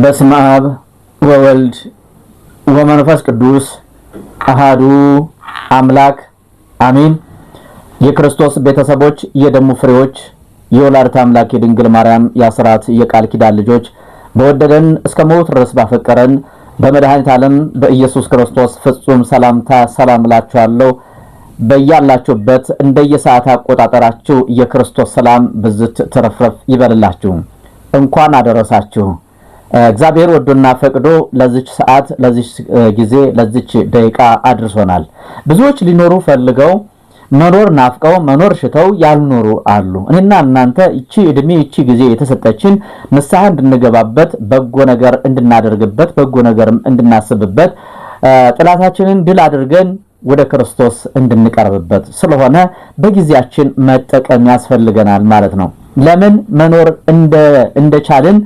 በስመ አብ ወወልድ ወመንፈስ ቅዱስ አሃዱ አምላክ አሚን። የክርስቶስ ቤተሰቦች፣ የደሙ ፍሬዎች፣ የወላዲተ አምላክ የድንግል ማርያም የአስራት የቃል ኪዳን ልጆች በወደደን እስከ ሞት ድረስ ባፈቀረን በመድኃኒት ዓለም በኢየሱስ ክርስቶስ ፍጹም ሰላምታ ሰላም እላችኋለሁ። በያላችሁበት እንደየሰዓት አቆጣጠራችሁ የክርስቶስ ሰላም ብዝት ትረፍረፍ ይበልላችሁ። እንኳን አደረሳችሁ። እግዚአብሔር ወዶና ፈቅዶ ለዚች ሰዓት፣ ለዚች ጊዜ፣ ለዚች ደቂቃ አድርሶናል። ብዙዎች ሊኖሩ ፈልገው መኖር ናፍቀው መኖር ሽተው ያልኖሩ አሉ። እኔና እናንተ እቺ እድሜ እቺ ጊዜ የተሰጠችን ንስሐ እንድንገባበት በጎ ነገር እንድናደርግበት በጎ ነገርም እንድናስብበት ጥላታችንን ድል አድርገን ወደ ክርስቶስ እንድንቀርብበት ስለሆነ በጊዜያችን መጠቀም ያስፈልገናል ማለት ነው። ለምን መኖር እንደቻልን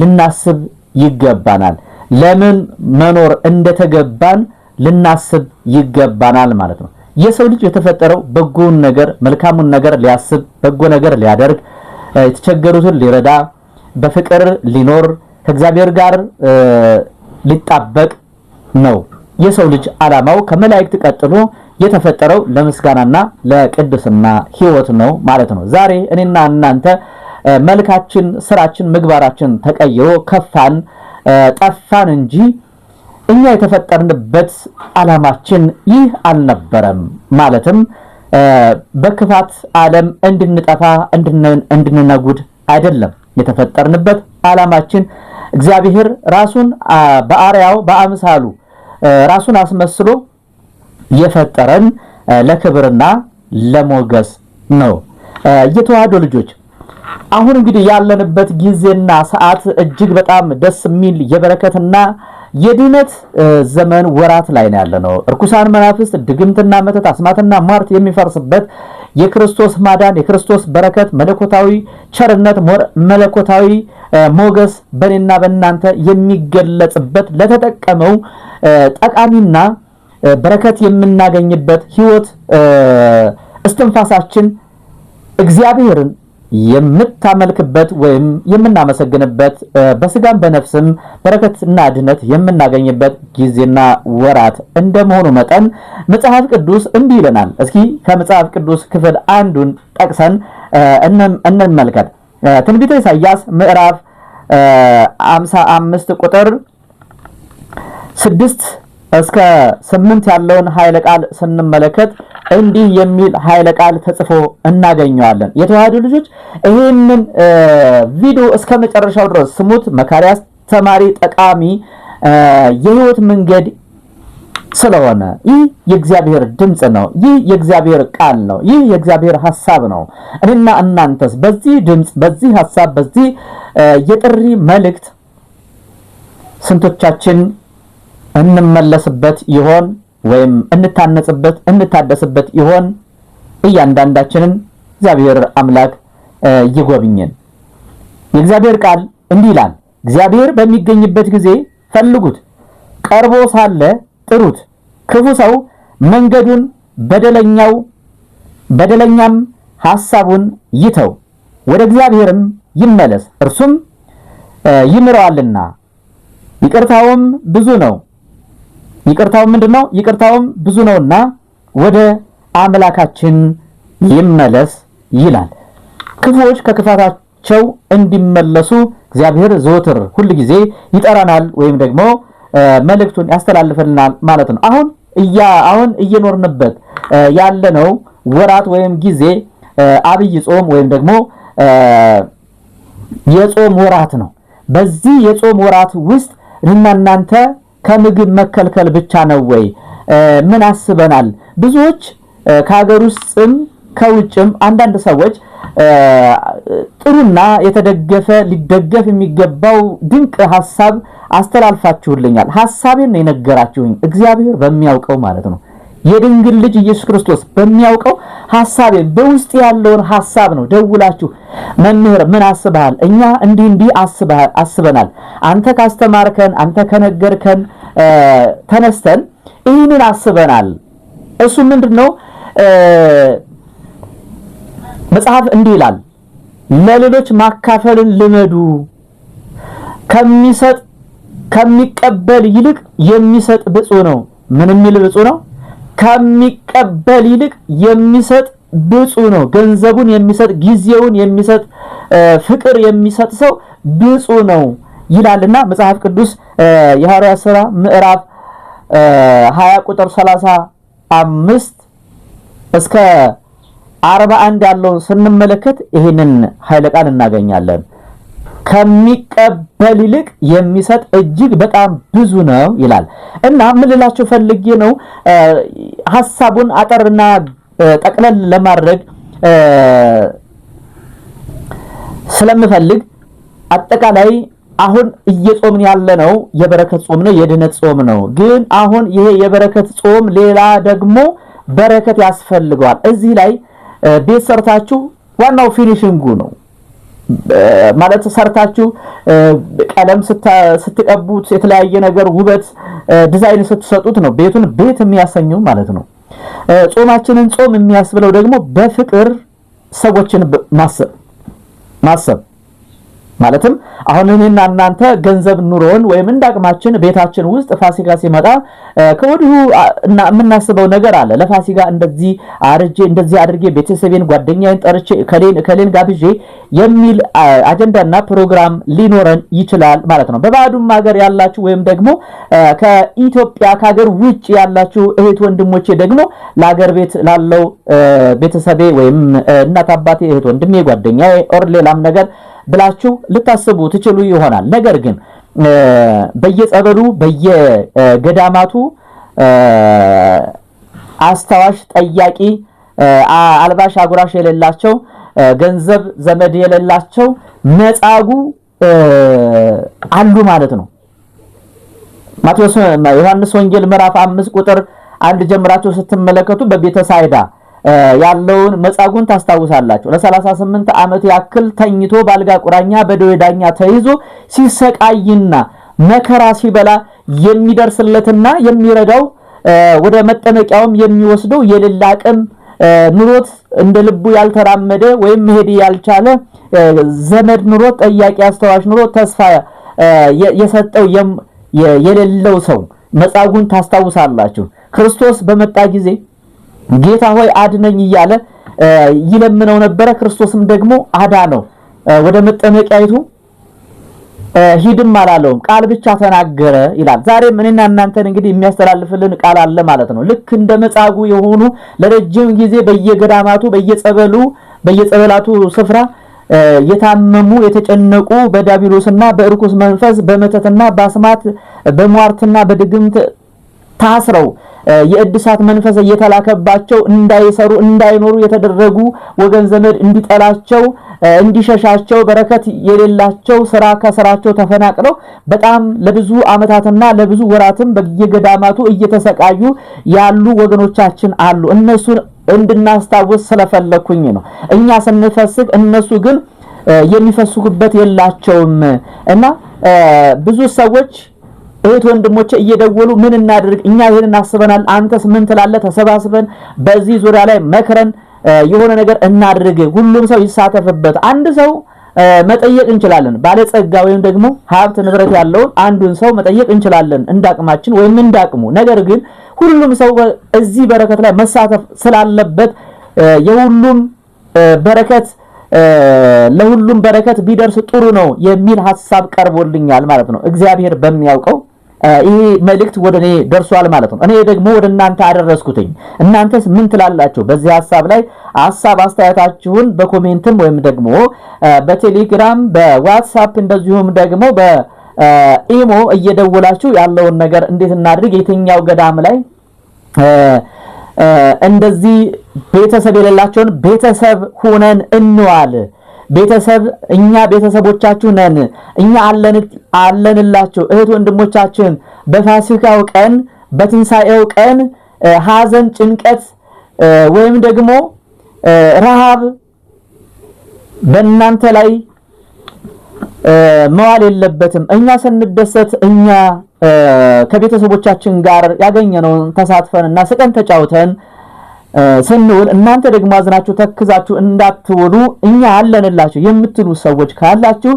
ልናስብ ይገባናል። ለምን መኖር እንደተገባን ልናስብ ይገባናል ማለት ነው። የሰው ልጅ የተፈጠረው በጎውን ነገር መልካሙን ነገር ሊያስብ በጎ ነገር ሊያደርግ የተቸገሩትን ሊረዳ በፍቅር ሊኖር ከእግዚአብሔር ጋር ሊጣበቅ ነው። የሰው ልጅ ዓላማው ከመላእክት ቀጥሎ የተፈጠረው ለምስጋናና ለቅድስና ሕይወት ነው ማለት ነው። ዛሬ እኔና እናንተ መልካችን፣ ስራችን፣ ምግባራችን ተቀይሮ ከፋን ጠፋን እንጂ እኛ የተፈጠርንበት ዓላማችን ይህ አልነበረም። ማለትም በክፋት ዓለም እንድንጠፋ እንድንነጉድ አይደለም። የተፈጠርንበት ዓላማችን እግዚአብሔር ራሱን በአርያው በአምሳሉ ራሱን አስመስሎ የፈጠረን ለክብርና ለሞገስ ነው። የተዋህዶ ልጆች አሁን እንግዲህ ያለንበት ጊዜና ሰዓት እጅግ በጣም ደስ የሚል የበረከትና የድነት ዘመን ወራት ላይ ነው ነው። እርኩሳን መናፍስት፣ ድግምትና መተት፣ አስማትና ማርት የሚፈርስበት የክርስቶስ ማዳን፣ የክርስቶስ በረከት፣ መለኮታዊ ቸርነት፣ መለኮታዊ ሞገስ በእኔና በእናንተ የሚገለጽበት ለተጠቀመው ጠቃሚና በረከት የምናገኝበት ህይወት እስትንፋሳችን እግዚአብሔርን የምታመልክበት ወይም የምናመሰግንበት በስጋም በነፍስም በረከትና ድነት የምናገኝበት ጊዜና ወራት እንደመሆኑ መጠን መጽሐፍ ቅዱስ እንዲህ ይለናል። እስኪ ከመጽሐፍ ቅዱስ ክፍል አንዱን ጠቅሰን እንመልከት። ትንቢተ ኢሳይያስ ምዕራፍ 55 ቁጥር 6 እስከ 8 ያለውን ኃይለ ቃል ስንመለከት እንዲህ የሚል ኃይለ ቃል ተጽፎ እናገኘዋለን። የተዋህዱ ልጆች ይህንን ቪዲዮ እስከ መጨረሻው ድረስ ስሙት። መካሪ፣ አስተማሪ፣ ጠቃሚ የህይወት መንገድ ስለሆነ ይህ የእግዚአብሔር ድምፅ ነው። ይህ የእግዚአብሔር ቃል ነው። ይህ የእግዚአብሔር ሐሳብ ነው። እኔና እናንተስ በዚህ ድምፅ፣ በዚህ ሐሳብ፣ በዚህ የጥሪ መልእክት ስንቶቻችን እንመለስበት ይሆን? ወይም እንታነጽበት እንታደስበት ይሆን? እያንዳንዳችንን እግዚአብሔር አምላክ ይጎብኝን። የእግዚአብሔር ቃል እንዲህ ይላል፣ እግዚአብሔር በሚገኝበት ጊዜ ፈልጉት፣ ቀርቦ ሳለ ጥሩት። ክፉ ሰው መንገዱን በደለኛው በደለኛም ሐሳቡን ይተው፣ ወደ እግዚአብሔርም ይመለስ፣ እርሱም ይምረዋልና ይቅርታውም ብዙ ነው ይቅርታው ምንድነው? ይቅርታውም ብዙ ነውና ወደ አምላካችን ይመለስ ይላል። ክፉዎች ከክፋታቸው እንዲመለሱ እግዚአብሔር ዘወትር ሁል ጊዜ ይጠራናል ወይም ደግሞ መልእክቱን ያስተላልፈልናል ማለት ነው። አሁን እያ አሁን እየኖርንበት ያለነው ወራት ወይም ጊዜ አብይ ጾም ወይም ደግሞ የጾም ወራት ነው። በዚህ የጾም ወራት ውስጥ እኔና እናንተ ከምግብ መከልከል ብቻ ነው ወይ? ምን አስበናል? ብዙዎች ከሀገር ውስጥም ከውጭም አንዳንድ ሰዎች ጥሩና የተደገፈ ሊደገፍ የሚገባው ድንቅ ሀሳብ አስተላልፋችሁልኛል። ሀሳቤን ነው የነገራችሁኝ፣ እግዚአብሔር በሚያውቀው ማለት ነው። የድንግል ልጅ ኢየሱስ ክርስቶስ በሚያውቀው ሐሳቤ በውስጥ ያለውን ሐሳብ ነው ደውላችሁ መምህር ምን አስበሃል? እኛ እንዲህ እንዲህ አስበናል። አንተ ካስተማርከን፣ አንተ ከነገርከን ተነስተን ይህንን አስበናል። እሱ ምንድን ነው? መጽሐፍ እንዲህ ይላል፣ ለሌሎች ማካፈልን ልመዱ ከሚሰጥ ከሚቀበል ይልቅ የሚሰጥ ብፁ ነው። ምን የሚል ብፁዕ ነው? ከሚቀበል ይልቅ የሚሰጥ ብፁ ነው። ገንዘቡን የሚሰጥ ጊዜውን የሚሰጥ ፍቅር የሚሰጥ ሰው ብፁ ነው ይላልና መጽሐፍ ቅዱስ የሐዋርያት ሥራ ምዕራፍ 20 ቁጥር 35 እስከ 41 ያለውን ስንመለከት ይህንን ኃይለ ቃል እናገኛለን። ከሚቀበል ይልቅ የሚሰጥ እጅግ በጣም ብዙ ነው ይላል እና ምን ልላችሁ ፈልጌ ነው ሀሳቡን አጠርና ጠቅለል ለማድረግ ስለምፈልግ አጠቃላይ አሁን እየጾምን ያለ ነው የበረከት ጾም ነው፣ የድነት ጾም ነው። ግን አሁን ይሄ የበረከት ጾም ሌላ ደግሞ በረከት ያስፈልገዋል። እዚህ ላይ ቤት ሰርታችሁ ዋናው ፊኒሽንጉ ነው። ማለት ሰርታችሁ ቀለም ስትቀቡት የተለያየ ነገር ውበት ዲዛይን ስትሰጡት ነው ቤቱን ቤት የሚያሰኘው ማለት ነው። ጾማችንን ጾም የሚያስብለው ደግሞ በፍቅር ሰዎችን ማሰብ ማሰብ ማለትም አሁን እኔና እናንተ ገንዘብ ኑሮን ወይም እንደ አቅማችን ቤታችን ውስጥ ፋሲካ ሲመጣ ከወዲሁ የምናስበው ነገር አለ። ለፋሲካ እንደዚህ አርጄ እንደዚህ አድርጌ ቤተሰቤን ጓደኛዬን ጠርቼ ከሌን ጋብዤ የሚል አጀንዳና ፕሮግራም ሊኖረን ይችላል ማለት ነው። በባዕዱም ሀገር ያላችሁ ወይም ደግሞ ከኢትዮጵያ ከሀገር ውጭ ያላችሁ እህት ወንድሞቼ ደግሞ ለሀገር ቤት ላለው ቤተሰቤ ወይም እናት አባቴ፣ እህት ወንድሜ፣ ጓደኛዬ ኦር ሌላም ነገር ብላችሁ ልታስቡ ትችሉ ይሆናል። ነገር ግን በየጸበሉ በየገዳማቱ አስታዋሽ፣ ጠያቂ፣ አልባሽ፣ አጉራሽ የሌላቸው ገንዘብ ዘመድ የሌላቸው መጻጉ አሉ ማለት ነው። ማቴዎስ ዮሐንስ ወንጌል ምዕራፍ አምስት ቁጥር አንድ ጀምራቸው ስትመለከቱ በቤተ ሳይዳ ያለውን መጻጉን ታስታውሳላችሁ። ለ38 ዓመት ያክል ተኝቶ ባልጋ ቁራኛ በደዌ ዳኛ ተይዞ ሲሰቃይና መከራ ሲበላ የሚደርስለትና የሚረዳው ወደ መጠመቂያውም የሚወስደው የሌላ አቅም ኑሮት እንደ ልቡ ያልተራመደ ወይም መሄድ ያልቻለ ዘመድ ኑሮት፣ ጠያቂ አስተዋሽ ኑሮት፣ ተስፋ የሰጠው የሌለው ሰው መጻጉን ታስታውሳላችሁ። ክርስቶስ በመጣ ጊዜ ጌታ ሆይ አድነኝ እያለ ይለምነው ነበረ። ክርስቶስም ደግሞ አዳ ነው ወደ መጠመቂያይቱ ሂድም አላለውም፣ ቃል ብቻ ተናገረ ይላል። ዛሬም እኔና እናንተን እንግዲህ የሚያስተላልፍልን ቃል አለ ማለት ነው። ልክ እንደ መጻጉ የሆኑ ለረጅም ጊዜ በየገዳማቱ በየጸበሉ በየጸበላቱ ስፍራ የታመሙ የተጨነቁ በዳቢሎስና በእርኩስ መንፈስ በመተትና በአስማት በሟርትና በድግምት ታስረው የእድሳት መንፈስ እየተላከባቸው እንዳይሰሩ እንዳይኖሩ የተደረጉ ወገን ዘመድ እንዲጠላቸው እንዲሸሻቸው በረከት የሌላቸው ስራ ከስራቸው ተፈናቅለው በጣም ለብዙ ዓመታትና ለብዙ ወራትም በየገዳማቱ እየተሰቃዩ ያሉ ወገኖቻችን አሉ። እነሱን እንድናስታውስ ስለፈለኩኝ ነው። እኛ ስንፈስግ እነሱ ግን የሚፈስጉበት የላቸውም እና ብዙ ሰዎች እህት ወንድሞቼ እየደወሉ ምን እናድርግ፣ እኛ ይህንን አስበናል፣ አንተስ ምን ትላለህ? ተሰባስበን በዚህ ዙሪያ ላይ መክረን የሆነ ነገር እናድርግ። ሁሉም ሰው ይሳተፍበት። አንድ ሰው መጠየቅ እንችላለን። ባለጸጋ ወይም ደግሞ ሀብት ንብረት ያለውን አንዱን ሰው መጠየቅ እንችላለን እንዳቅማችን ወይም እንዳቅሙ። ነገር ግን ሁሉም ሰው እዚህ በረከት ላይ መሳተፍ ስላለበት የሁሉም በረከት ለሁሉም በረከት ቢደርስ ጥሩ ነው የሚል ሀሳብ ቀርቦልኛል ማለት ነው። እግዚአብሔር በሚያውቀው ይህ መልእክት ወደ እኔ ደርሷል ማለት ነው። እኔ ደግሞ ወደ እናንተ አደረስኩትኝ። እናንተስ ምን ትላላችሁ? በዚህ ሀሳብ ላይ ሀሳብ አስተያየታችሁን በኮሜንትም ወይም ደግሞ በቴሌግራም በዋትሳፕ እንደዚሁም ደግሞ በኢሞ እየደወላችሁ ያለውን ነገር እንዴት እናድርግ፣ የትኛው ገዳም ላይ እንደዚህ ቤተሰብ የሌላቸውን ቤተሰብ ሁነን እንዋል ቤተሰብ እኛ ቤተሰቦቻችሁ ነን፣ እኛ አለንላችሁ። እህት ወንድሞቻችን በፋሲካው ቀን በትንሣኤው ቀን ሐዘን፣ ጭንቀት ወይም ደግሞ ረሃብ በእናንተ ላይ መዋል የለበትም። እኛ ስንደሰት እኛ ከቤተሰቦቻችን ጋር ያገኘነውን ተሳትፈን እና ስቀን ተጫውተን ስንውል እናንተ ደግሞ አዝናችሁ ተክዛችሁ እንዳትውሉ እኛ አለንላችሁ የምትሉ ሰዎች ካላችሁ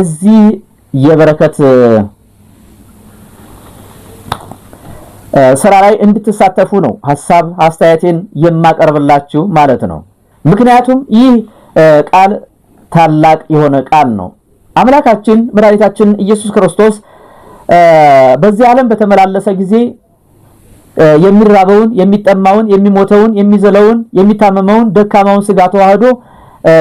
እዚህ የበረከት ስራ ላይ እንድትሳተፉ ነው ሀሳብ አስተያየቴን የማቀርብላችሁ ማለት ነው። ምክንያቱም ይህ ቃል ታላቅ የሆነ ቃል ነው። አምላካችን መድኃኒታችን ኢየሱስ ክርስቶስ በዚህ ዓለም በተመላለሰ ጊዜ የሚራበውን፣ የሚጠማውን፣ የሚሞተውን፣ የሚዘለውን፣ የሚታመመውን፣ ደካማውን ስጋ ተዋህዶ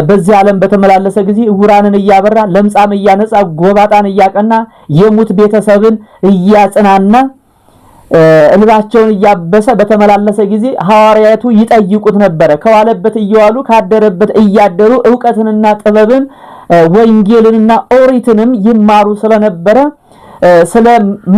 በዚህ ዓለም በተመላለሰ ጊዜ እውራንን እያበራ ለምጻም እያነጻ ጎባጣን እያቀና የሙት ቤተሰብን እያጽናና እንባቸውን እያበሰ በተመላለሰ ጊዜ ሐዋርያቱ ይጠይቁት ነበረ። ከዋለበት እየዋሉ ካደረበት እያደሩ እውቀትንና ጥበብን ወንጌልንና ኦሪትንም ይማሩ ስለነበረ ስለ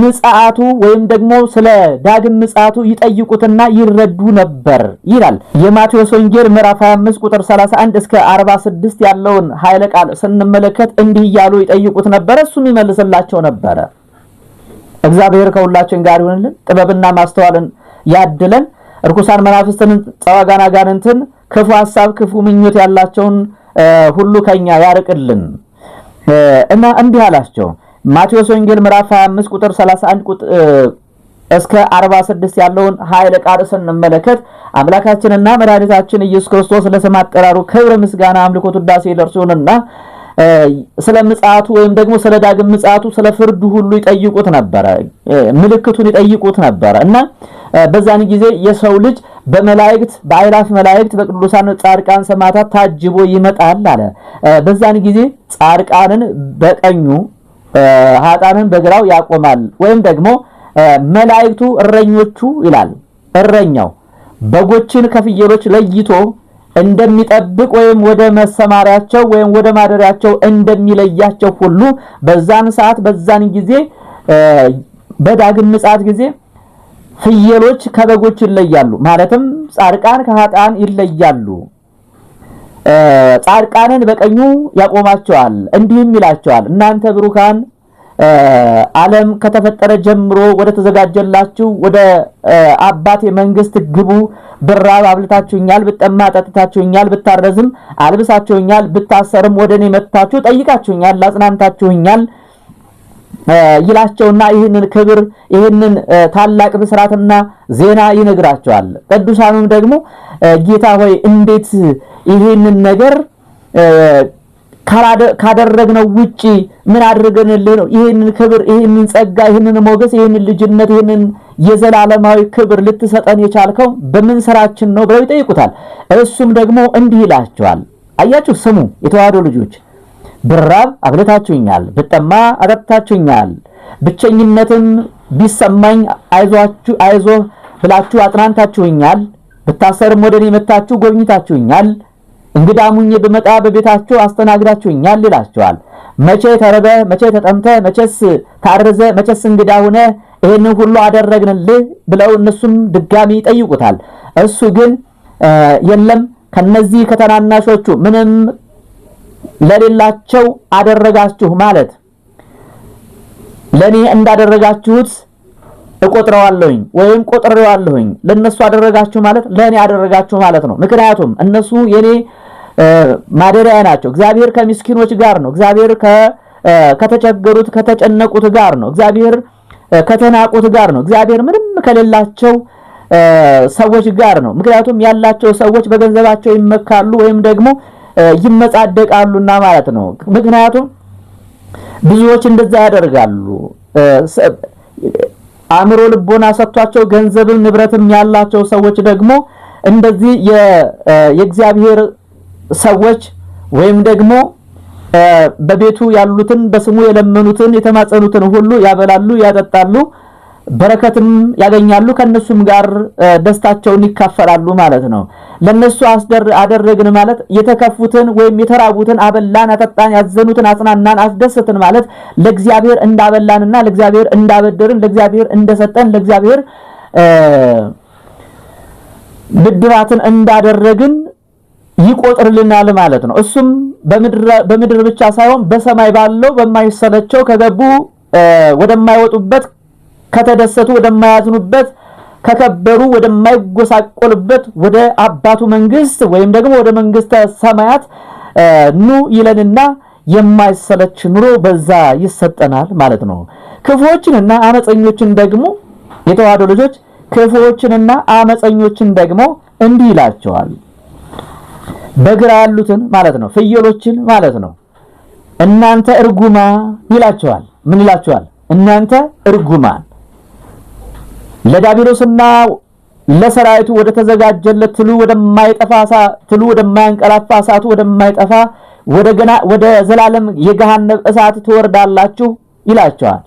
ምጽአቱ ወይም ደግሞ ስለ ዳግም ምጽአቱ ይጠይቁትና ይረዱ ነበር ይላል። የማቴዎስ ወንጌል ምዕራፍ 25 ቁጥር 31 እስከ 46 ያለውን ኃይለ ቃል ስንመለከት እንዲህ እያሉ ይጠይቁት ነበር እሱም ይመልስላቸው ነበረ። እግዚአብሔር ከሁላችን ጋር ይሁንልን፣ ጥበብና ማስተዋልን ያድለን፣ እርኩሳን መናፍስትን፣ ጸዋጋ አጋንንትን፣ ክፉ ሐሳብ፣ ክፉ ምኞት ያላቸውን ሁሉ ከኛ ያርቅልን እና እንዲህ አላቸው ማቴዎስ ወንጌል ምዕራፍ 25 ቁጥር 31 ቁጥር እስከ 46 ያለውን ኃይለ ቃል ስንመለከት አምላካችንና መድኃኒታችን ኢየሱስ ክርስቶስ ለስም አጠራሩ ክብር፣ ምስጋና፣ አምልኮ፣ ውዳሴ ለርሱንና ስለ ምጽአቱ ወይም ደግሞ ስለ ዳግም ምጽአቱ ስለ ፍርዱ ሁሉ ይጠይቁት ነበረ፣ ምልክቱን ይጠይቁት ነበረ እና በዛን ጊዜ የሰው ልጅ በመላእክት በአይላፍ መላእክት በቅዱሳን ጻድቃን ሰማዕታት ታጅቦ ይመጣል አለ። በዛን ጊዜ ጻድቃንን በቀኙ ሀጣንን በግራው ያቆማል። ወይም ደግሞ መላእክቱ እረኞቹ ይላል። እረኛው በጎችን ከፍየሎች ለይቶ እንደሚጠብቅ ወይም ወደ መሰማሪያቸው ወይም ወደ ማደሪያቸው እንደሚለያቸው ሁሉ በዛን ሰዓት በዛን ጊዜ በዳግም ምጽአት ጊዜ ፍየሎች ከበጎች ይለያሉ። ማለትም ጻድቃን ከሀጣን ይለያሉ። ጻድቃንን በቀኙ ያቆማቸዋል፣ እንዲህም ይላቸዋል እናንተ ብሩካን ዓለም ከተፈጠረ ጀምሮ ወደ ተዘጋጀላችሁ ወደ አባቴ መንግስት ግቡ። ብራብ አብልታችሁኛል፣ ብጠማ ጠጥታችሁኛል፣ ብታረዝም አልብሳችሁኛል፣ ብታሰርም ወደ እኔ መጥታችሁ ጠይቃችሁኛል፣ አጽናንታችሁኛል ይላቸውና ይህንን ክብር ይህንን ታላቅ ብስራትና ዜና ይነግራቸዋል። ቅዱሳኑም ደግሞ ጌታ ሆይ እንዴት ይህንን ነገር ካደረግነው ውጪ ምን አድርገንልህ ነው ይህንን ክብር ይህንን ጸጋ ይህንን ሞገስ ይህንን ልጅነት ይህንን የዘላለማዊ ክብር ልትሰጠን የቻልከው በምን ስራችን ነው ብለው ይጠይቁታል። እሱም ደግሞ እንዲህ ይላቸዋል። አያችሁ ስሙ የተዋህዶ ልጆች ብራብ አብልታችሁኛል፣ ብጠማ አጠጥታችሁኛል፣ ብቸኝነትም ቢሰማኝ አይዟችሁ አይዞ ብላችሁ አጽናንታችሁኛል፣ ብታሰርም ወደ እኔ ጎብኝታችሁኛል፣ እንግዳ ሙኜ ብመጣ በቤታችሁ አስተናግዳችሁኛል ይላችኋል። መቼ ተርበ፣ መቼ ተጠምተ፣ መቼስ ታርዘ፣ መቼስ እንግዳ ሆነ ይህንን ሁሉ አደረግንልህ ብለው እነሱም ድጋሚ ይጠይቁታል። እሱ ግን የለም ከነዚህ ከተናናሾቹ ምንም ለሌላቸው አደረጋችሁ ማለት ለኔ እንዳደረጋችሁት እቆጥረዋለሁኝ ወይም ቆጥረዋለሁኝ ለነሱ አደረጋችሁ ማለት ለኔ አደረጋችሁ ማለት ነው። ምክንያቱም እነሱ የኔ ማደሪያ ናቸው። እግዚአብሔር ከሚስኪኖች ጋር ነው። እግዚአብሔር ከተቸገሩት ከተጨነቁት ጋር ነው። እግዚአብሔር ከተናቁት ጋር ነው። እግዚአብሔር ምንም ከሌላቸው ሰዎች ጋር ነው። ምክንያቱም ያላቸው ሰዎች በገንዘባቸው ይመካሉ ወይም ደግሞ ይመጻደቃሉና ማለት ነው። ምክንያቱም ብዙዎች እንደዛ ያደርጋሉ። አእምሮ ልቦና ሰጥቷቸው ገንዘብም ንብረትም ያላቸው ሰዎች ደግሞ እንደዚህ የእግዚአብሔር ሰዎች ወይም ደግሞ በቤቱ ያሉትን በስሙ የለመኑትን የተማጸኑትን ሁሉ ያበላሉ፣ ያጠጣሉ። በረከትም ያገኛሉ፣ ከነሱም ጋር ደስታቸውን ይካፈላሉ ማለት ነው። ለነሱ አደረግን ማለት የተከፉትን ወይም የተራቡትን አበላን፣ አጠጣን፣ ያዘኑትን አጽናናን፣ አስደሰትን ማለት ለእግዚአብሔር እንዳበላንና ለእግዚአብሔር እንዳበደርን፣ ለእግዚአብሔር እንደሰጠን፣ ለእግዚአብሔር ብድራትን እንዳደረግን ይቆጥርልናል ማለት ነው። እሱም በምድር ብቻ ሳይሆን በሰማይ ባለው በማይሰለቸው ከገቡ ወደማይወጡበት ከተደሰቱ ወደማያዝኑበት ከከበሩ ወደማይጎሳቆልበት ወደ አባቱ መንግስት ወይም ደግሞ ወደ መንግስተ ሰማያት ኑ ይለንና የማይሰለች ኑሮ በዛ ይሰጠናል ማለት ነው። ክፉዎችንና አመፀኞችን ደግሞ የተዋህዶ ልጆች ክፉዎችንና አመፀኞችን ደግሞ እንዲህ ይላቸዋል። በግራ ያሉትን ማለት ነው፣ ፍየሎችን ማለት ነው። እናንተ እርጉማ ይላቸዋል። ምን ይላቸዋል? እናንተ እርጉማን ለዳቢሎስና ለሰራዊቱ ወደ ተዘጋጀለት ትሉ ወደማይጠፋ ትሉ ወደማያንቀላፋ እሳቱ ወደማይጠፋ ወደ ገና ወደ ዘላለም የገሃነብ እሳት ትወርዳላችሁ ይላቸዋል።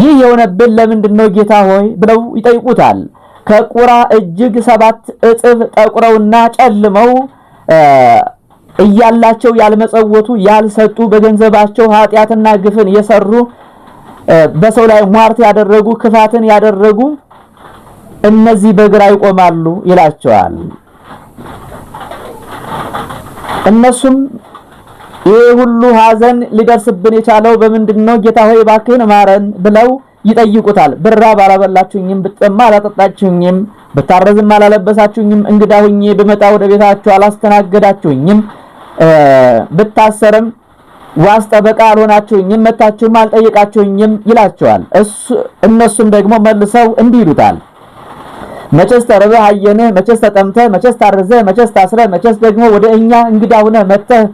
ይህ የሆነብን ለምንድን ነው ጌታ ሆይ ብለው ይጠይቁታል። ከቁራ እጅግ ሰባት እጥፍ ጠቁረውና ጨልመው እያላቸው ያልመጸወቱ ያልሰጡ በገንዘባቸው ኃጢአትና ግፍን የሰሩ በሰው ላይ ሟርት ያደረጉ ክፋትን ያደረጉ እነዚህ በግራ ይቆማሉ ይላቸዋል። እነሱም ይህ ሁሉ ሐዘን ሊደርስብን የቻለው በምንድን ነው? ጌታ ሆይ እባክህን ማረን ብለው ይጠይቁታል። ብራብ አላበላችሁኝም፣ ብጠማ አላጠጣችሁኝም፣ ብታረዝም አላለበሳችሁኝም፣ እንግዳ ሁኜ ብመጣ ወደ ቤታችሁ አላስተናገዳችሁኝም፣ ብታሰርም ዋስ ጠበቃ አልሆናችሁኝም፣ መታችሁም አልጠየቃችሁኝም ይላቸዋል። እነሱም ደግሞ መልሰው እንዲህ ይሉታል መቸስ ተርበህ አየንህ፣ መቸስ ተጠምተህ፣ መቸስ ታርዘህ፣ መቸስ ታስረህ፣ መቸስ ደግሞ ወደ እኛ እንግዳ ሁነህ መጥተህ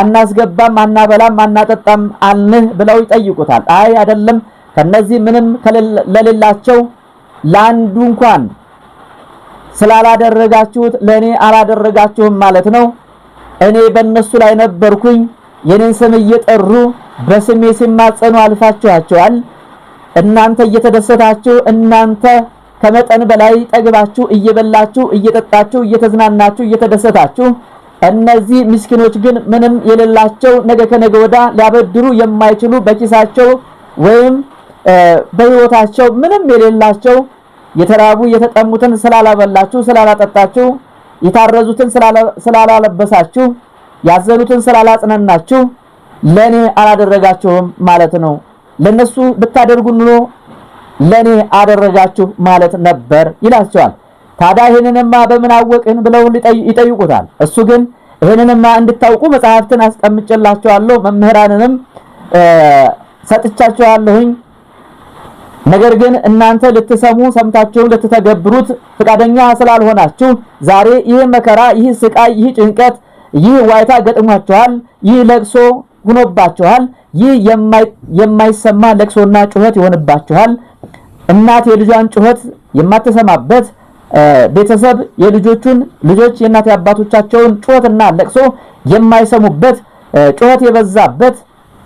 አናስገባም፣ አናበላም፣ አናጠጣም አልንህ ብለው ይጠይቁታል። አይ አይደለም ከነዚህ ምንም ለሌላቸው ለአንዱ እንኳን ስላላደረጋችሁት ለእኔ አላደረጋችሁም ማለት ነው። እኔ በእነሱ ላይ ነበርኩኝ። የኔን ስም እየጠሩ በስሜ ሲማጸኑ አልፋችኋቸዋል። እናንተ እየተደሰታችሁ እናንተ ከመጠን በላይ ጠግባችሁ እየበላችሁ እየጠጣችሁ እየተዝናናችሁ እየተደሰታችሁ እነዚህ ምስኪኖች ግን ምንም የሌላቸው ነገ ከነገ ወዳ ሊያበድሩ የማይችሉ በኪሳቸው ወይም በሕይወታቸው ምንም የሌላቸው የተራቡ የተጠሙትን ስላላበላችሁ ስላላጠጣችሁ፣ የታረዙትን ስላላለበሳችሁ፣ ያዘኑትን ስላላጽነናችሁ ለኔ አላደረጋችሁም ማለት ነው። ለነሱ ብታደርጉ ኑሮ ለኔ አደረጋችሁ ማለት ነበር ይላቸዋል። ታዲያ ይህንንማ በምን አወቅን ብለው ይጠይቁታል። እሱ ግን ይህንንማ እንድታውቁ መጽሐፍትን አስቀምጬላችኋለሁ መምህራንንም ሰጥቻችኋለሁኝ ነገር ግን እናንተ ልትሰሙ ሰምታችሁ ልትተገብሩት ፍቃደኛ ስላልሆናችሁ ዛሬ ይህ መከራ፣ ይህ ስቃይ፣ ይህ ጭንቀት፣ ይህ ዋይታ ገጥሟችኋል። ይህ ለቅሶ ሆኖባችኋል። ይህ የማይሰማ ለቅሶና ጩኸት ይሆንባችኋል። እናት የልጇን ጩኸት የማትሰማበት ቤተሰብ የልጆቹን ልጆች የእናት የአባቶቻቸውን ጩኸትና ለቅሶ የማይሰሙበት ጩኸት የበዛበት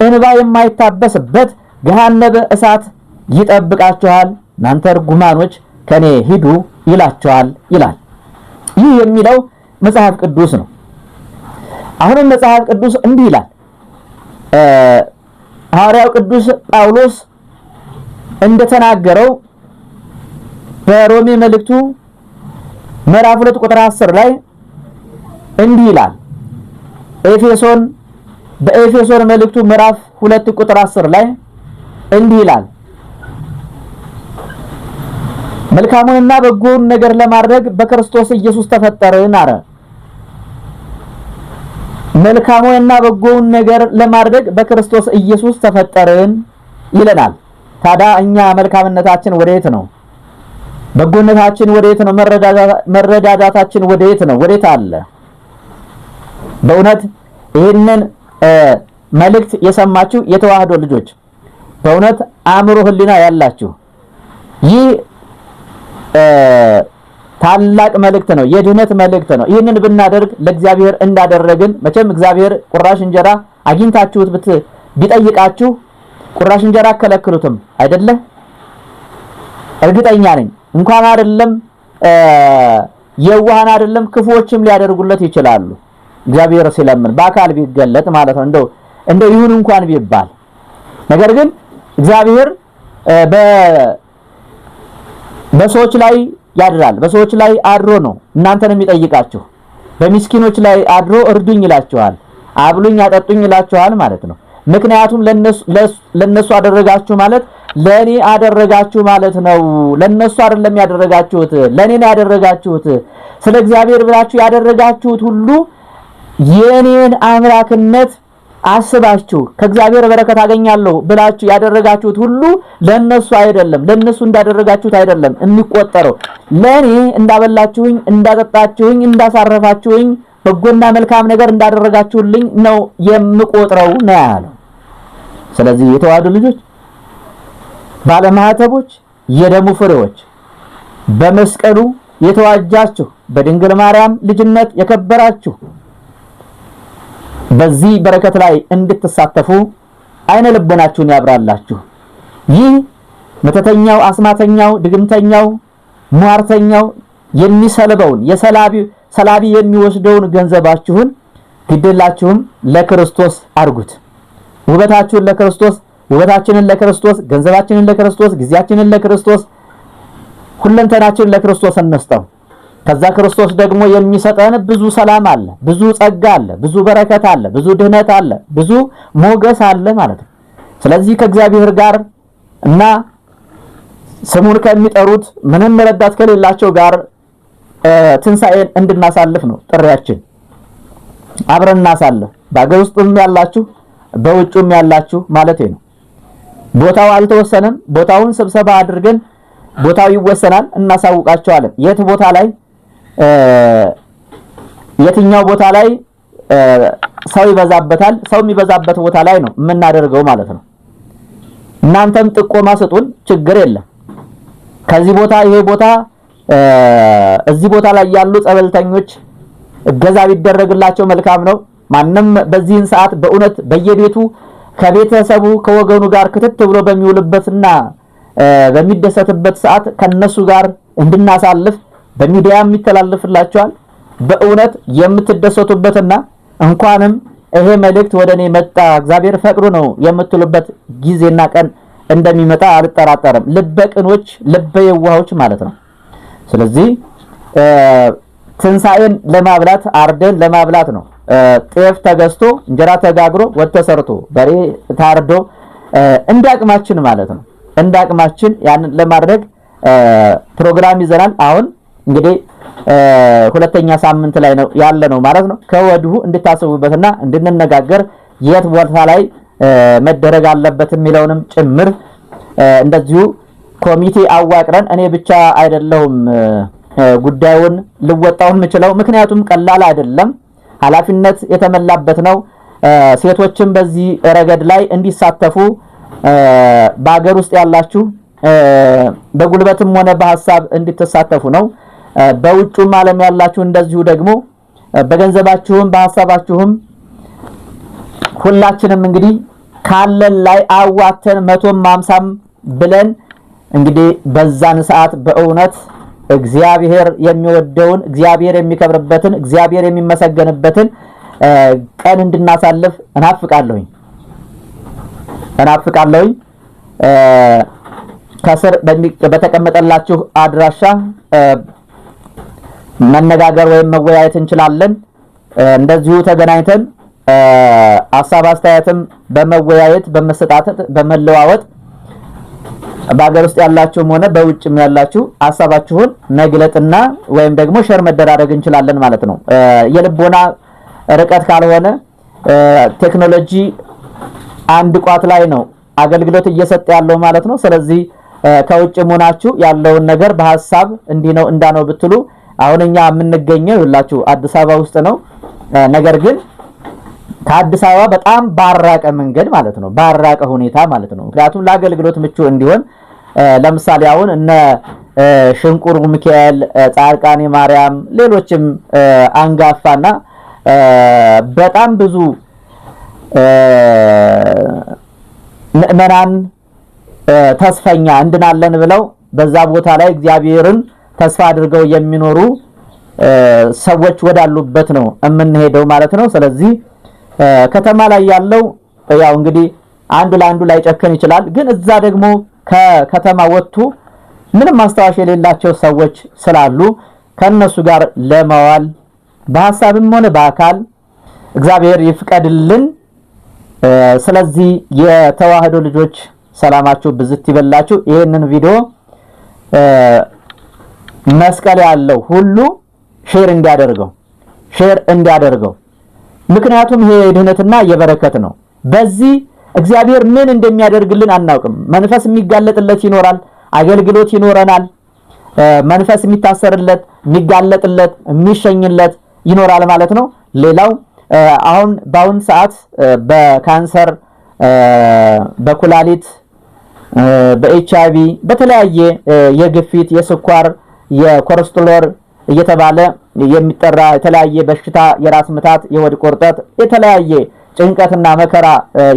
እንባ የማይታበስበት ገሃነመ እሳት ይጠብቃችኋል እናንተ ርጉማኖች ከኔ ሂዱ ይላቸዋል ይላል። ይህ የሚለው መጽሐፍ ቅዱስ ነው። አሁንም መጽሐፍ ቅዱስ እንዲህ ይላል ሐዋርያው ቅዱስ ጳውሎስ እንደተናገረው በሮሜ መልእክቱ ምዕራፍ 2 ቁጥር 10 ላይ እንዲህ ይላል። ኤፌሶን በኤፌሶን መልእክቱ ምዕራፍ 2 ቁጥር 10 ላይ እንዲህ ይላል፣ መልካሙንና በጎውን ነገር ለማድረግ በክርስቶስ ኢየሱስ ተፈጠርን አረ። መልካሙንና በጎውን ነገር ለማድረግ በክርስቶስ ኢየሱስ ተፈጠርን ይለናል። ታዳ እኛ መልካምነታችን ወዴት ነው? በጎነታችን ወዴት ነው? መረዳዳታችን ወዴት ነው? ወዴት አለ? በእውነት ይህንን መልእክት የሰማችሁ የተዋህዶ ልጆች በእውነት አእምሮ ህሊና ያላችሁ ይህ ታላቅ መልእክት ነው። የድህነት መልእክት ነው። ይህንን ብናደርግ ለእግዚአብሔር እንዳደረግን መቼም እግዚአብሔር ቁራሽ እንጀራ አግኝታችሁት ቢጠይቃችሁ ቁራሽ እንጀራ አከለክሉትም አይደለ? እርግጠኛ ነኝ እንኳን አይደለም የዋሃን አይደለም ክፉዎችም ሊያደርጉለት ይችላሉ። እግዚአብሔር ሲለምን በአካል ቢገለጥ ማለት ነው እንደው እንደው ይሁን እንኳን ቢባል ነገር ግን እግዚአብሔር በሰዎች ላይ ያድራል። በሰዎች ላይ አድሮ ነው እናንተን የሚጠይቃችሁ። በሚስኪኖች ላይ አድሮ እርዱኝ ይላችኋል፣ አብሉኝ አጠጡኝ ይላችኋል ማለት ነው። ምክንያቱም ለነሱ አደረጋችሁ ማለት ለኔ አደረጋችሁ ማለት ነው። ለነሱ አይደለም ያደረጋችሁት፣ ለኔ ነው ያደረጋችሁት። ስለ እግዚአብሔር ብላችሁ ያደረጋችሁት ሁሉ የኔን አምላክነት አስባችሁ ከእግዚአብሔር በረከት አገኛለሁ ብላችሁ ያደረጋችሁት ሁሉ ለነሱ አይደለም፣ ለነሱ እንዳደረጋችሁት አይደለም የሚቆጠረው። ለኔ እንዳበላችሁኝ፣ እንዳጠጣችሁኝ፣ እንዳሳረፋችሁኝ በጎና መልካም ነገር እንዳደረጋችሁልኝ ነው የምቆጥረው ነው ያለው። ስለዚህ የተዋህዱ ልጆች፣ ባለማህተቦች፣ የደሙ ፍሬዎች በመስቀሉ የተዋጃችሁ በድንግል ማርያም ልጅነት የከበራችሁ በዚህ በረከት ላይ እንድትሳተፉ አይነ ልቦናችሁን ያብራላችሁ። ይህ መተተኛው፣ አስማተኛው፣ ድግምተኛው፣ ሟርተኛው የሚሰልበውን የሰላቢው ሰላቢ የሚወስደውን ገንዘባችሁን ግድላችሁም ለክርስቶስ አድርጉት። ውበታችሁን ለክርስቶስ፣ ውበታችንን ለክርስቶስ፣ ገንዘባችንን ለክርስቶስ፣ ጊዜያችንን ለክርስቶስ፣ ሁለንተናችንን ለክርስቶስ እንስጠው። ከዛ ክርስቶስ ደግሞ የሚሰጠን ብዙ ሰላም አለ፣ ብዙ ጸጋ አለ፣ ብዙ በረከት አለ፣ ብዙ ድህነት አለ፣ ብዙ ሞገስ አለ ማለት ነው። ስለዚህ ከእግዚአብሔር ጋር እና ስሙን ከሚጠሩት ምንም ረዳት ከሌላቸው ጋር ትንሣኤን እንድናሳልፍ ነው ጥሪያችን። አብረን እናሳልፍ። በአገር ውስጥም ያላችሁ በውጭም ያላችሁ ማለት ነው። ቦታው አልተወሰነም። ቦታውን ስብሰባ አድርገን ቦታው ይወሰናል፣ እናሳውቃቸዋለን። የት ቦታ ላይ የትኛው ቦታ ላይ ሰው ይበዛበታል፣ ሰው የሚበዛበት ቦታ ላይ ነው የምናደርገው ማለት ነው። እናንተም ጥቆማ ስጡን፣ ችግር የለም። ከዚህ ቦታ ይሄ ቦታ እዚህ ቦታ ላይ ያሉ ጸበልተኞች እገዛ ቢደረግላቸው መልካም ነው። ማንም በዚህን ሰዓት በእውነት በየቤቱ ከቤተሰቡ ከወገኑ ጋር ክትት ብሎ በሚውልበትና በሚደሰትበት ሰዓት ከነሱ ጋር እንድናሳልፍ በሚዲያ ይተላለፍላቸዋል። በእውነት የምትደሰቱበትና እንኳንም ይሄ መልእክት ወደ እኔ መጣ እግዚአብሔር ፈቅዶ ነው የምትሉበት ጊዜና ቀን እንደሚመጣ አልጠራጠርም። ልበ ቅኖች ልበ የዋሆች ማለት ነው። ስለዚህ ትንሣኤን ለማብላት አርደን ለማብላት ነው። ጤፍ ተገዝቶ እንጀራ ተጋግሮ ወጥ ተሰርቶ በሬ ታርዶ እንደ አቅማችን ማለት ነው። እንደ አቅማችን ያንን ለማድረግ ፕሮግራም ይዘናል። አሁን እንግዲህ ሁለተኛ ሳምንት ላይ ነው ያለ ነው ማለት ነው። ከወዲሁ እንድታስቡበትና እንድንነጋገር የት ቦታ ላይ መደረግ አለበት የሚለውንም ጭምር እንደዚሁ ኮሚቴ አዋቅረን እኔ ብቻ አይደለሁም ጉዳዩን ልወጣው የምችለው። ምክንያቱም ቀላል አይደለም፣ ኃላፊነት የተመላበት ነው። ሴቶችን በዚህ ረገድ ላይ እንዲሳተፉ በሀገር ውስጥ ያላችሁ በጉልበትም ሆነ በሀሳብ እንድትሳተፉ ነው። በውጩም ዓለም ያላችሁ እንደዚሁ ደግሞ በገንዘባችሁም በሀሳባችሁም ሁላችንም እንግዲህ ካለን ላይ አዋተን መቶም አምሳም ብለን እንግዲህ በዛን ሰዓት በእውነት እግዚአብሔር የሚወደውን እግዚአብሔር የሚከብርበትን እግዚአብሔር የሚመሰገንበትን ቀን እንድናሳልፍ እናፍቃለሁኝ እናፍቃለሁኝ። ከስር በተቀመጠላችሁ አድራሻ መነጋገር ወይም መወያየት እንችላለን። እንደዚሁ ተገናኝተን ሀሳብ አስተያየትም በመወያየት በመሰጣጠት በመለዋወጥ በሀገር ውስጥ ያላችሁም ሆነ በውጭም ያላችሁ ሀሳባችሁን መግለጥና ወይም ደግሞ ሸር መደራረግ እንችላለን ማለት ነው። የልቦና ርቀት ካልሆነ ቴክኖሎጂ አንድ ቋት ላይ ነው አገልግሎት እየሰጠ ያለው ማለት ነው። ስለዚህ ከውጭ መሆናችሁ ያለውን ነገር በሀሳብ እንዲህ ነው እንዳ ነው ብትሉ አሁን እኛ የምንገኘው ይላችሁ አዲስ አበባ ውስጥ ነው። ነገር ግን ከአዲስ አበባ በጣም ባራቀ መንገድ ማለት ነው፣ ባራቀ ሁኔታ ማለት ነው። ምክንያቱም ለአገልግሎት ምቹ እንዲሆን ለምሳሌ አሁን እነ ሽንቁሩ ሚካኤል፣ ጻድቃኔ ማርያም፣ ሌሎችም አንጋፋና በጣም ብዙ ምዕመናን ተስፈኛ እንድናለን ብለው በዛ ቦታ ላይ እግዚአብሔርን ተስፋ አድርገው የሚኖሩ ሰዎች ወዳሉበት ነው የምንሄደው ማለት ነው። ስለዚህ ከተማ ላይ ያለው ያው እንግዲህ አንዱ ለአንዱ ላይጨክን ይችላል፣ ግን እዛ ደግሞ ከከተማ ወጥቶ ምንም ማስታወሻ የሌላቸው ሰዎች ስላሉ ከነሱ ጋር ለመዋል በሀሳብም ሆነ በአካል እግዚአብሔር ይፍቀድልን። ስለዚህ የተዋህዶ ልጆች ሰላማችሁ ብዝት ይበላችሁ። ይህንን ቪዲዮ መስቀል ያለው ሁሉ ሼር እንዲያደርገው ሼር እንዲያደርገው፣ ምክንያቱም ይሄ የድህነትና የበረከት ነው። በዚህ እግዚአብሔር ምን እንደሚያደርግልን አናውቅም። መንፈስ የሚጋለጥለት ይኖራል፣ አገልግሎት ይኖረናል። መንፈስ የሚታሰርለት፣ የሚጋለጥለት፣ የሚሸኝለት ይኖራል ማለት ነው። ሌላው አሁን በአሁን ሰዓት በካንሰር በኩላሊት በኤች አይቪ በተለያየ የግፊት፣ የስኳር፣ የኮሌስትሮል እየተባለ የሚጠራ የተለያየ በሽታ የራስ ምታት፣ የወድ ቁርጠት የተለያየ ጭንቀትና መከራ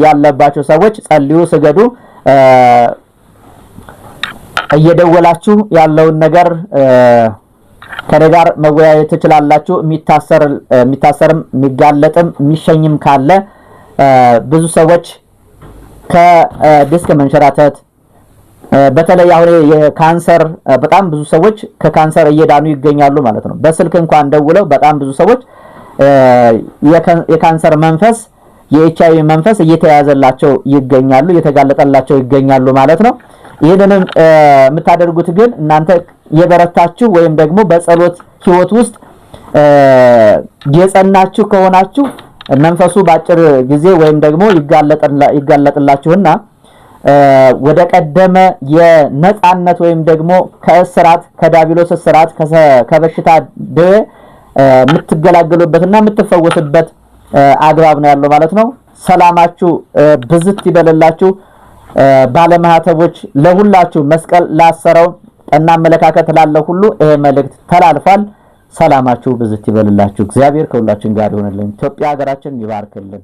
ያለባቸው ሰዎች ጸልዩ፣ ስገዱ። እየደወላችሁ ያለውን ነገር ከኔ ጋር መወያየት ትችላላችሁ። የሚታሰር የሚታሰርም የሚጋለጥም የሚሸኝም ካለ ብዙ ሰዎች ከዲስክ መንሸራተት በተለይ አሁን የካንሰር በጣም ብዙ ሰዎች ከካንሰር እየዳኑ ይገኛሉ ማለት ነው። በስልክ እንኳን ደውለው በጣም ብዙ ሰዎች የካንሰር መንፈስ የኤች አይቪ መንፈስ እየተያዘላቸው ይገኛሉ እየተጋለጠላቸው ይገኛሉ ማለት ነው። ይህንንም የምታደርጉት ግን እናንተ የበረታችሁ ወይም ደግሞ በጸሎት ህይወት ውስጥ የጸናችሁ ከሆናችሁ መንፈሱ በአጭር ጊዜ ወይም ደግሞ ይጋለጥላችሁና ወደ ቀደመ የነጻነት ወይም ደግሞ ከእስራት ከዳቢሎስ እስራት ከበሽታ ድ የምትገላገሉበትና የምትፈወስበት አግባብ ነው ያለው ማለት ነው። ሰላማችሁ ብዝት ይበልላችሁ። ባለማህተቦች ለሁላችሁ መስቀል ላሰረው እና አመለካከት ላለው ሁሉ ይሄ መልእክት ተላልፏል። ሰላማችሁ ብዝት ይበልላችሁ። እግዚአብሔር ከሁላችን ጋር ይሆንልን። ኢትዮጵያ ሀገራችን ይባርክልን።